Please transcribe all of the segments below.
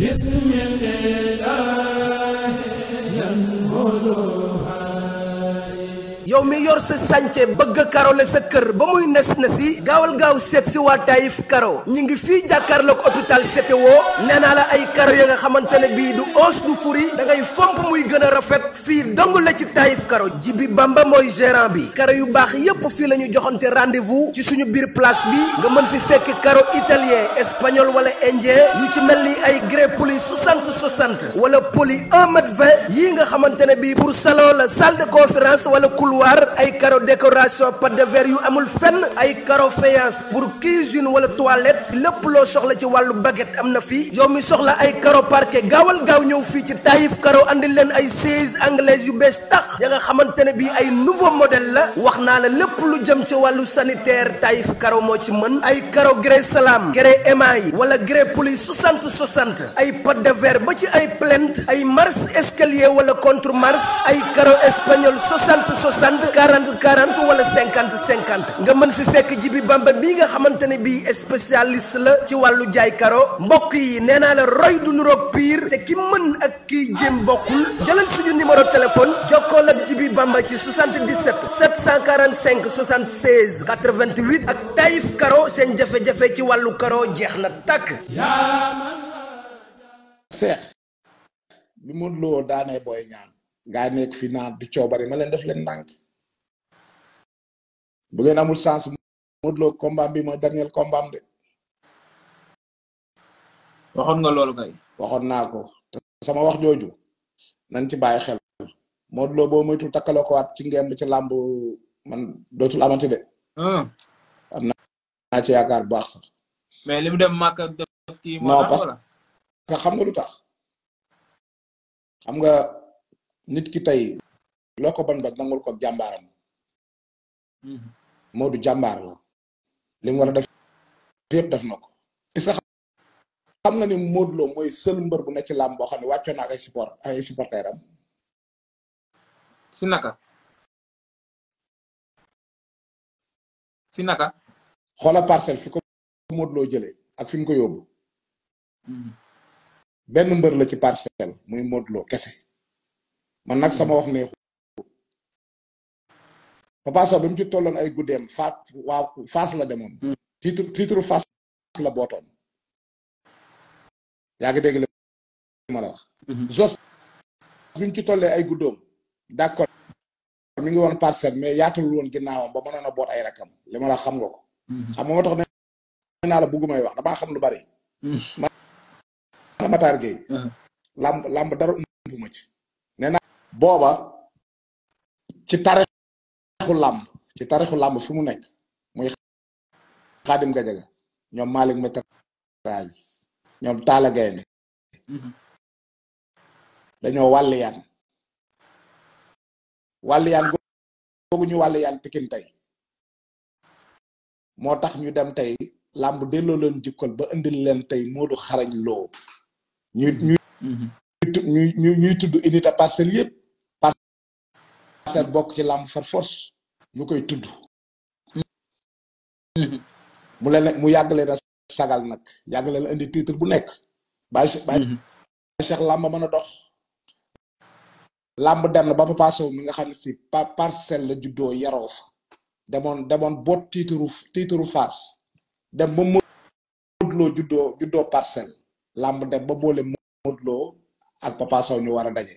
بسم الله ينبلها yow mi yor sa sànce bëgg karole sa kër ba muy nes na si gaawal gaaw seet si waa Taïf Karo ñu ngi fii jàkkaarloog hôpital CTO nee naa la ay karo ya nga xamante ne bii du os du furi da ngay fomp muy gën a rafet fii dong la ci Taïf Karo ji bi Bamba mooy gérant bi karo yu baax yépp fii la ñu joxante rendez-vous ci suñu biir place bi nga mën fi fekk karo italien espagnol wala indien yu ci mel ni ay grès poli 60 60 wala poli 1 mètre 20 nga xamante ne bii pour salon la salle wala couloir Aïkaro ay décoration pâte de verre yu amul fenn ay faïence pour cuisine wala toilette lepp lo soxla ci walu baguette amna fi fii yow mi soxla ay carreaux parquet gawal gaaw ñëw ci Taïf Carreaux andil len ay sièges anglaise yu bes tax ya nga xamantene bi ay nouveau modèle la waxna la lepp lu jëm ci walu sanitaire Taïf Carreaux mo ci mën ay carreaux grès salam grès émail wala grès poli 60 60 ay pâte de verre ba ci ay plinthe ay marche escalier wala contre mars, ay espagnol 60 60 60 40 40 wala 50 50 nga mën fi fekk Jibi Bamba mii nga xamante ne bii spécialiste la ci wàllu jaay karo mbokk yi nee naa la roy du nuroog pire te ki mën ak kiy jéem bokkul jëlal suñu numéro téléphone jokkool ak Jibi Bamba ci 77 745 76 88 ak Taïf Karo seen jafe-jafe ci wàllu karo jeex na tàkk. seex bi Modou Lo daanee ngaa nekk fi naan di coobare ma leen def leen ndànk bu ngeen amul sens Modou Lo combat bi mooy dernier combat am de. waxoon nga loolu kay. waxoon naa ko sama wax jooju nañ ci bàyyi xel Modou Lo boo moytu takkaloo ko waat ci ngemb ci làmb man dootul amati de. Ah. am naa ci yaakaar bu baax sax. mais li mu dem màkk def kii. moo tax xam nga. nit ki tay loko ban bak nangul ko jàmbaaram hmm. Modou jambar la lim wara def fep def nako ci sax xam nga ni Modou Lo seul mbeur bu ne ci lamb bo xamni ne na ay support ay supporteram si naka si naka xola parcel fi ko Modou Lo jele. ak fi mu ko yóbbu hmm. ben mbeur la ci parcel muy Modou Lo kese man nag sama wax neexu Papa Sow bi mu ci tolloon ay guddeem faat faas la demoon hmm. titre titre faas la bootoon yaa ngi dégg la ma la wax hmm. jos bi mu ci tollee ay guddoom d'accord mi ngi woon parcelle mais yaatalul woon ginnaawam ba mënoon a boot ay rakam li ma la xam nga ko hmm. xam nga moo tax ne naa la buggumay wax damaa xam lu bari man Matar Gueye lamb dara ump ma booba ci tarixu làmb ci tarixu làmb fi mu nekk muy xaadim gajaga ñoom Malick Matraze ñoom Talla Gaynde mhm. dañoo wàlliyaan wàlliyaan googu ñu wàlliyaan Pikine tey moo tax ñu dem tey làmb delloo leen jikkal ba indil leen tey Modou Xarañ Lo ñu ñu mhm. ñuy tudd unité parcelle yëpp cancer bok ci lamb far force lu koy tudd mm-hmm. mu le mu yag le sagal nak yag le a indi titre bu nek ba Cheikh lamb meuna dox lamb dem na ba Papa Sow mi nga xamni ci si la judo yaro fa demon demon boot titre titre face dem ba modlo juddo juddo parcel lamb dem ba bolé modlo ak Papa saw ñu wara dajé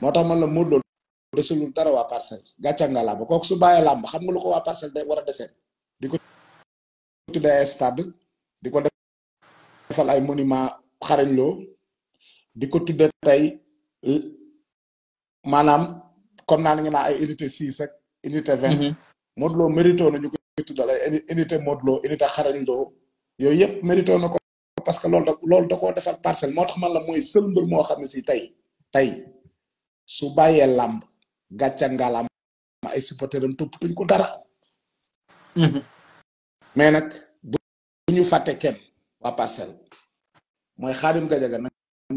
moo tax man la Modou Lo desulul dara waa parcelle gàcce nga làmb kooku su bàyyee làmb xam nga lu ko waa parcelle day war a dese di ko tuddee stad di ko defal ay monument xarañ loo di ko tuddee tey maanaam comme naa nga naa ay unité six ak unité vingt mhm. Modou Lo mérito na ñu koy tuddal ay unité Modou Lo unité xarañ loo yooyu yëpp mérito na ko parce que loolu da loolu da koo defal parcelle moo tax man la mooy seul mbir moo xam ne si tey tey su bàyyee làmb gàcca ngalam ay supporteram toppatuñ ko dara. Mhm. mais nag bu ñu fàtte kenn waa parcelle mooy Khadim Gadiaga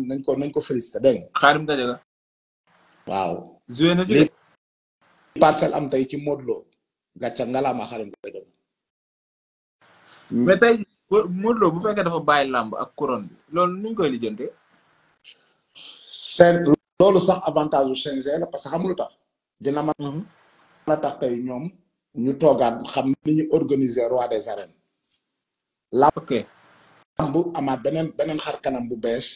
nañ ko nañ ko félicité dégg nga. Khadim Gadiaga. waaw. joué am tey ci Modou Lo gàcca ngalaama Khadim Gadiaga. mais tey Modou Lo bu fekkee dafa bàyyi làmb ak couronne lool loolu nuñ koy lijjante. seen loolu sax avantage u CNG la parce que xam lu tax dina mën mhm. a tax tey ñoom ñu toogaat xam ni ñu organiser roi des arènes bu amaat beneen beneen xar kanam bu bees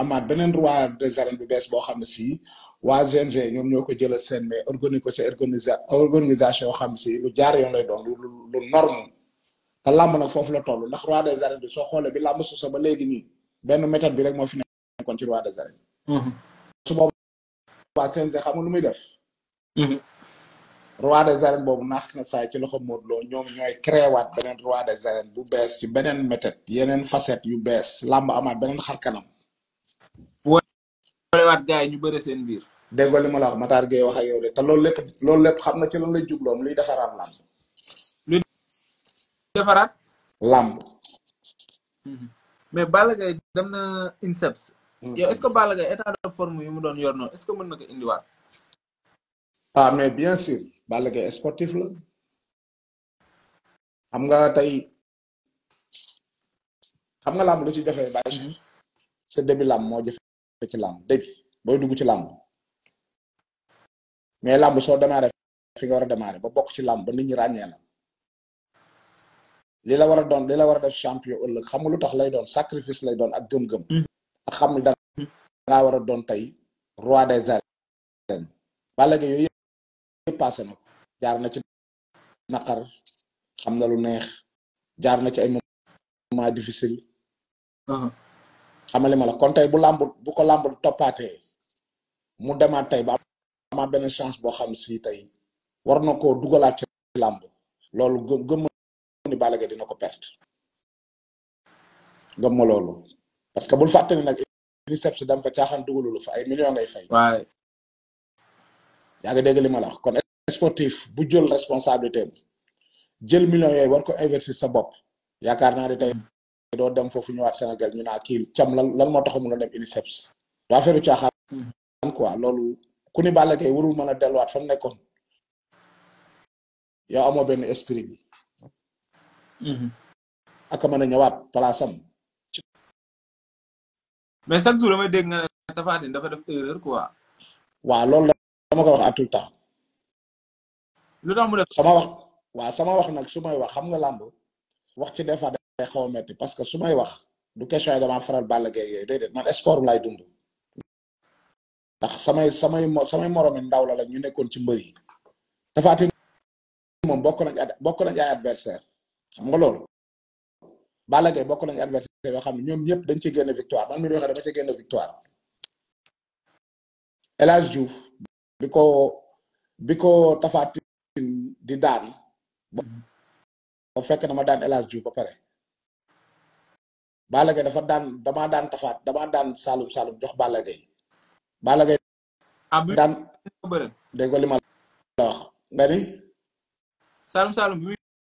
amaat beneen roi des arènes bu bees boo xam ne si waa GNG ñoom ñoo ko jëlal seen mais organiser ko ci organisation xam si lu jaar yoon lay doon lu lu norme ta lamb nag foofu la toll ndax roi des arènes soo xoolee bi lamb suusa ba léegi nii benn méthode bi rek moo fi ne ci roi des arènes mhm. su boobaa CNG xam nga lu muy def. Mhm. roi des arènes boobu nax na saay ci loxo Modou Lo ñoom ñooy créé waat beneen roi des arènes bu bees ci beneen méthode yeneen facette yu bees làmb amaat beneen xar kanam. boolewaat gars yi seen biir. déggoo li ma la wax Matar wax ak yow te loolu lépp loolu lépp xam na ci lan lay jubloom luy defaraat làmb. luy defaraat. làmb. Mhm. mais Balla Gaye dem yow est-ce que Balla Gaye état de forme yu mu doon yor noonu est-ce que mën na ko indiwaat. Ah, mais bien sûr Balla Gaye sportif la xam nga tey xam nga làmb lu ci jafe bàyyi mm-hmm. sa début làmb moo jafe ci làmb début booy dugg ci làmb mais làmb soo démarré fi nga war a démarré ba bokk ci làmb ba nit ñi ràññee la la war a doon li war a def champion ëllëg xam nga lu tax lay doon sacrifice lay doon ak gëm-gëm mm-hmm. xam ne da ngaa war a doon tey roi des arènes Balla Gaye yooyu yëpp passé jaar na ci naqar xam na lu neex jaar na ci ay moment difficile uh-huh. xamali ma la kon tey bu làmb bu ko làmb toppaatee mu demaat tey ba ama benn chance boo xam si tey war na ko dugalaat ci làmb loolu gëm gëm ni Balla dina ko perte gëm ma loolu parce que bul fàttali nag INICEF dam fa caaxaan dugalul fa ay millions ngay fay. waay. yaa ngi dégg li ma kon sportif bu jël responsabilité am jël millions yooyu war ko investir sa bopp yaakaar naa ne tey hmm. doo dem foofu ñëwaat Sénégal ñu naa cam lan lan moo taxaw mu doon dem INICEF. daa feru caaxaan quoi loolu ku ni Balla Gaye warul mën a delluwaat fa mu nekkoon yow amoo benn esprit bi. Hmm. ak a palaasam. mais chaque jour damay dégg na ne Tapha Tine dafa def erreur quoi. waaw loolu dama ko wax à tout temps. lu tax mu def sama wax waaw sama wax nag su may wax xam nga làmb wax ci des fois day xaw a metti parce que su may wax du question yi damaa faral Balla Gaye yooyu déedéet man sport lay dund. ndax samay samay samay moromi ndaw la la ñu nekkoon ci mbër yi Tapha Tine moom bokk nañ bokk nañ ay adversaire xam nga loolu Balla Gaye bokk nañ adversaire yo xamni ñom ñoom dañ ci gënne victoire man mi waxe dama ci gënne victoire elas djouf biko biko ko di daan ba fekk na ma daan elas djouf ba pare Balla Gaye dafa daan dama daan tafat dama daan salum salum jox Balla Gaye Balla Gaye ah, daan de ko li wax bari salum salum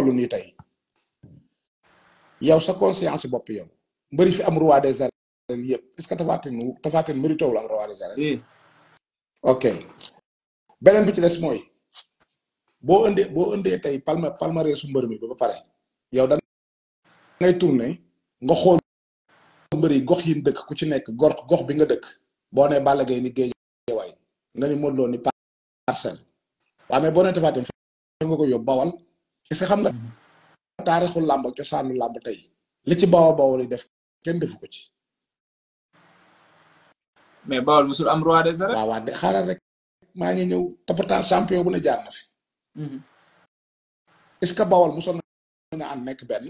toll nii tey yow sa conscience bopp yow mbëri fi am roi des arènes yëpp est ce que Tapha Tine Tapha Tine mérité am roi des arènes. ok beneen bi ci des mooy boo indee boo indee tey palma palmarès su mbër mi ba pare yow da ngay tourné nga xool mbëri gox yi dëkk ku ci nekk gox gox bi nga dëkk boo nee Balla Gaye ni Guédiawaye nga ni Modou Lo ni parcelle waaw mais boo nee Tapha Tine nga ko yóbbu Bawal. parce que xam nga taarixu làmb ak cosaanu làmb tey li ci bawoo bawoo def kenn defu ko ci. mais bawol musul am roi des arènes. ngi ñëw te pourtant champion bu ne mhm. ce que bawol musoon na am nekk benn.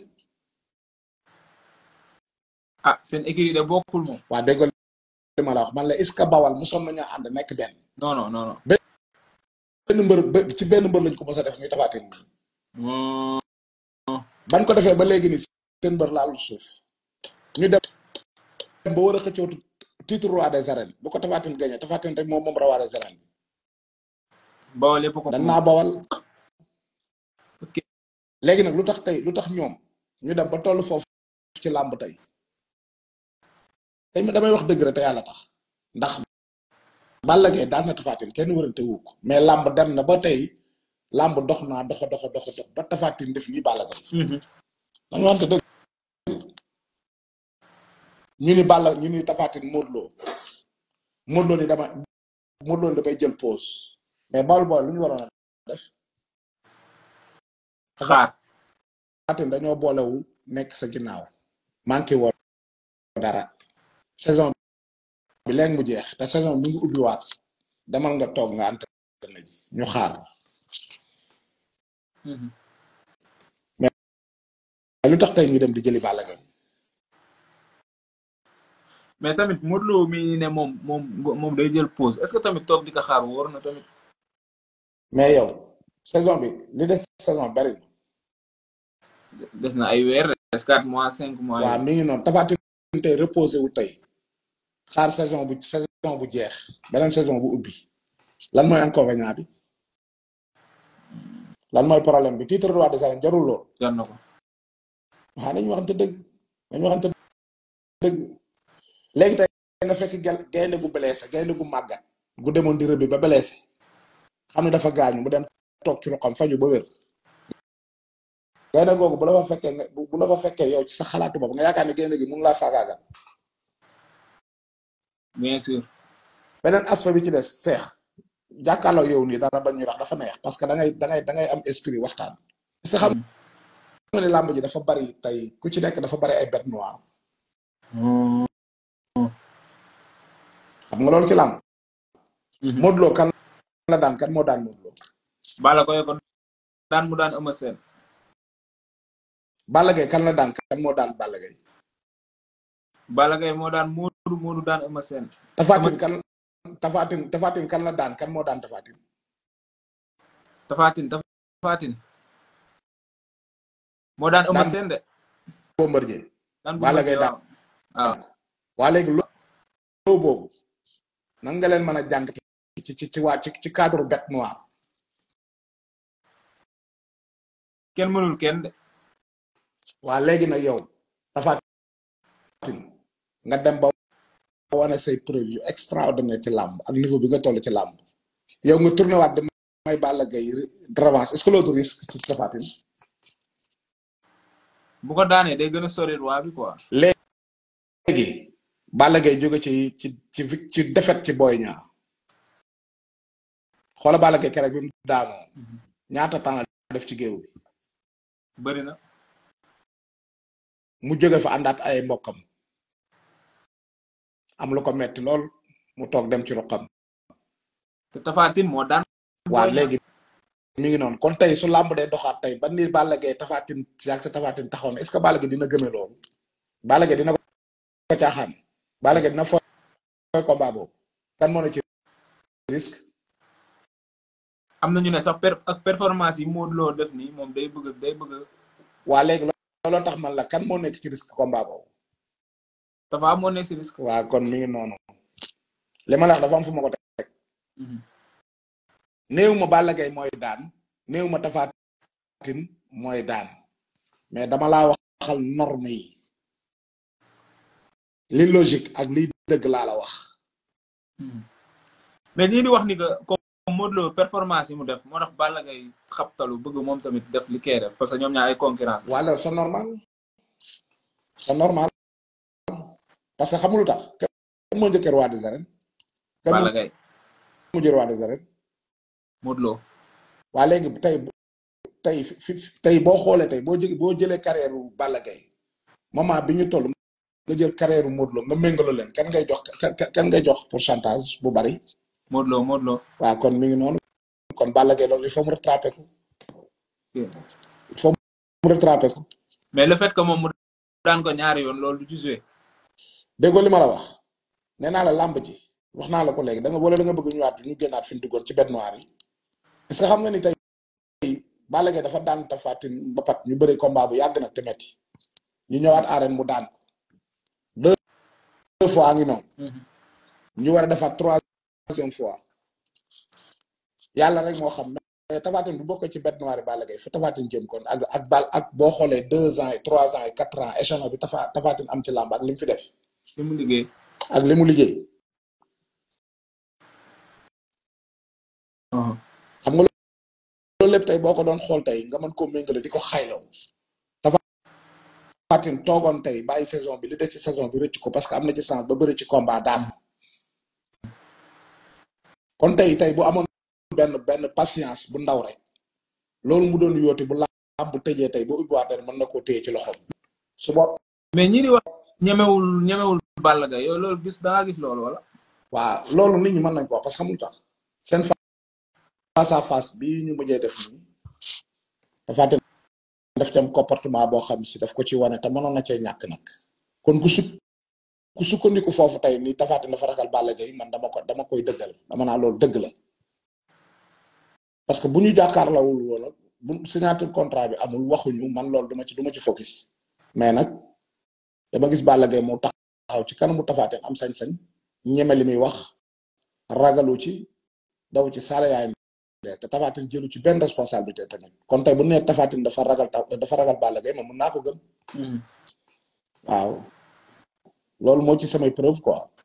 ah seen écurie de bokkul moom. waa dégg li ma wax man la est-ce que bawal mosoon nañu ànd nekk benn. non non benn mbër ci benn mbër lañ ko mos a def ban ko defee ba léegi ni seen mbër laalul suuf ñu dem ba war a xëccoo titre roi des arènes bu ko tafaatin gañe tafaatin rek moom moom roi des arènes bi bawal yëpp ko dañ naa bawal léegi nag lu tax tey lu tax ñoom ñu dem ba toll foofu ci làmb tey tey damay wax dëgg rek te yàlla tax ndax Balla Gaye daan na tafaatin kenn wërante te ko mais làmb dem na ba tey lamb dox na dox dox dox dox ba tafaatin def nii bàlla hmm dañu wante deug ñu ni bàlla ñu ni tafaatin modlo modlo ni dama modlo ni damay jël pause mais bal bal lu ñu waroon def xaar tafaatin dañoo wu nek sa ginnaw manqué woo dara saison bi léegi mu jeex ta saison mu ngi ubbi waat demal nga tok nga ant ñu xaar mais lu tax tey ñu dem di jëli Balla Gaye mais tamit Modou Lo mi ne moom moom moom day jël pause est que tamit toog di ko xaar war na tamit. mais yow saison bi li des saison bari na. na ay weer des quatre mois cinq mois. waaw mi ngi noonu tabaati tey reposé wu tey xaar saison bu saison bu jeex beneen saison bu ubbi lan mooy inconvénient bi. lan mooy problème bi titre roi des arènes jarul lool. jar na ko. waaw nañu waxante dëgg nañu waxante dëgg léegi tey nga fekk gaynde gu blessé gaynde gu màggat gu demoon di rëbbi ba blessé xam ne dafa gaañu mu dem toog ci ruqam faju ba wér. gaynde googu bu la fa fekkee nga bu la fa fekkee yow sa xalaatu nga yaakaar ne gaynde gi mun laa faagaagal. bien sûr. beneen aspect bi ci des seex. jakalo yow ni dara bañu ñu rax dafa neex parce que da ngay da ngay da ngay am esprit waxtan parce que xam nga lamb ji dafa bari tay ku ci nek dafa bari ay bête noire. xam nga lolou ci lamb modlo mm-hmm. kan la dan kan mo dan modlo bala ko Gaye ko daan mu dan Eumeu sen Balla kan la dan kan mo dan Balla Gaye. Balla Gaye moo daan Modou Modou daan Eumeu Sène. kan Tafatin Tafatin kan la daan kan moo daan Tafatin. Tafatin Tafatin. moo daan Eumeu Sène de. Bombardier. daan Balla Gaye daan waaw. boobu nan nga leen mën a jàng ci ci ci waa cadre bête noire. kenn mënul kenn de. waa léegi nag yow Tafatin nga dem wane say preuve yu extraordinaire ci làmb ak niveau bi nga toll ci làmb yow nga tourné waat di may Balla Gaye revanche est-ce que ci ko daanee day gën a sori waa bi quoi. léegi jóge ci ci ci ci ci Boy Niang xoola Balla Gaye keroog bi mu daanoo mm-hmm. ñaata temps def ci géew bi. na. mu jóge fa àndaat ay mbokkam. am lu ko metti lool mu toog dem ci ruqam. te Tapha Tine moo daan. waaw léegi mi ngi noonu kon tey su làmb dee doxaat tey ba ni Balla Gaye Tapha Tine ak sa Tapha Tine taxaw na est-ce dina gëme loolu. Balla Gaye dina ko caaxaan. kan moo na ci risque. am na ñu ne sax per performance yi Modou Lo def nii moom day bëgg day bëgg. waa léegi looloo tax man la kan moo nekk ci risque combat boobu. dafa amone ci risque. wa kon mi ngi noonu. la dafa am fu ko teg. Mhm. néew Balla daan neewuma ma moy daan mais dama la waxal norme yi li logique ak li deug la la wax. Mhm. mais ni di wax ni ga comme Modou performance yi mu def moo tax Balla Gaye xaptalu bëgg mom tamit def li kay def parce que ñom ñaar ay concurrence. wala c'est normal c'est normal. parce que xamul tax kan moo njëkkee roi des arènes. Balla Gaye kan moo roi des arènes. Modou Lo. waa léegi tey tey tey boo xoolee tey boo jë boo jëlee carrière ru Balla Gaye moment bi ñu toll nga jël carrière ru nga méngaloo leen kan ngay jox kan ngay jox pourcentage bu bari. Modou Lo kon mi ngi noonu. kon Balla Gaye loolu il faut mu rattrapé ko. mu rattrapé ko. mais le fait moom mu daan ko ñaari yoon loolu du ci déggoo li ma la wax nee naa la làmb ji wax naa la ko léegi da nga wala da nga bëgg ñëwaat ñu génnaat fi ñu duggoon ci bête noire yi parce que xam nga ni tey Balla Gaye dafa daan Tapha Tine ba pat ñu bëri combat bu yàgg nag te metti ñu ñëwaat arène mu daan ko deux ngi noonu mm-hmm. ñu war a defaat troisième fois yàlla rek moo xam mais Tapha Tine bu bokk ci bête noire yi Balla jëm kon ak boo xoolee deux ans et trois ans et quatre ans échelon bi Tapha am ci làmb ak li mu fi def li mu liggéey. ak li mu liggéey. Uh-huh. xam nga loolu lépp tey boo ko doon xool tey nga mën koo méngale di ko xaylaw. Tapha Tine toogoon tey bàyyi saison bi li des ci saison bi rëcc ko parce que am na ci sens ba bëri ci combat daan kon tey tey boo amoon benn benn patience bu ndaw rek loolu mu doon yóoti bu làmb bu tëjee tey bu ubbiwaatee mën na koo téye ci loxoom su boobaa mais ñi wax ñemewul ñemewul Balla ga yo loolu gis da nga gis loolu wala. wa loolu nit ñu man nañ ko wax parce que xamul tax seen face à face bi ñu mujjé def nii dafa dem def tam comportement bo xam si daf ko ci wone te mënoon na ci ñak nak kon ku su ku sukkandiku fofu tay ni na fa ragal Balla Gaye man dama ko dama koy deugal dama na loolu deug la parce que bu la wul wala bu signature contrat bi amul ñu man loolu duma ci duma ci focus mais nak dama gis Balla Gaye tax taxaw ci kanamu Tapha Tine am sañ-sañ ñeme li muy wax ragalu ci daw ci saala yaayam te Tapha Tine jëlu ci benn responsabilité tamit kon tey bu nee Tapha Tine dafa ragal dafa ragal Balla Gaye moom mën naa ko gëm hmm. waaw loolu moo ci samay preuve quoi